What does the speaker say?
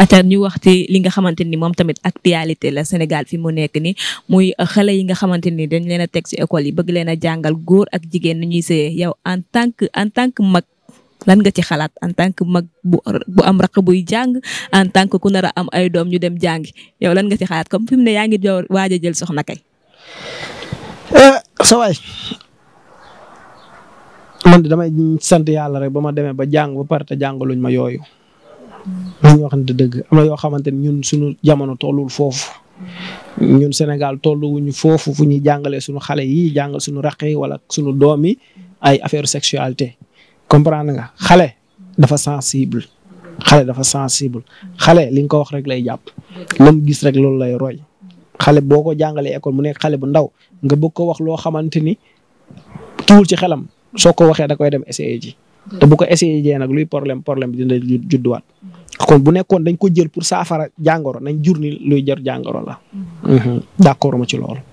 ata ñu wax ci li nga xamanteni mom tamit actualité la Sénégal fi mu nekk ni muy eh, xalé yi nga xamanteni dañ leena tek ci école yi bëgg leena jangal goor ak jigen ñuy sey yow en tant que en tant que mag lan nga ci xalaat en tant que mag bu bu am raq buy jang en tant que ku nara am ay doom ñu dem jàngi yow lan nga ci xalaat comme fi mu ne yaa ngi waaja jël soxna kay eh, sa waay man damay sant yalla rek bama démé ba jang ba parta ma yoyu nañu waxante dëgg am na yoo xamanteni ñun suñu jamono tollul foofu ñun Sénégal tolluwuñu foofu fu ñuy jàngalee suñu xalé yi jàngal suñu raq wala suñu doomi ay affaire sexualité comprendre nga xalé dafa sensible xalé dafa sensible xalé li nga ko wax rek lay japp lam gis rek lool lay roy xalé boko ko école mu nekk xalé bu ndaw nga bëgg ko wax lo xamanteni tuul ci xelam soko ko da koy dem essayer ji te bu ko essayer ji nak luy problème problème bi dina judduwaat kon bu nekkoon dañ ko jël pour saafara jàngoro nañ jur ni luy jar jàngoro la. Mm-hmm. Mm-hmm. d'accord ma ci loolu.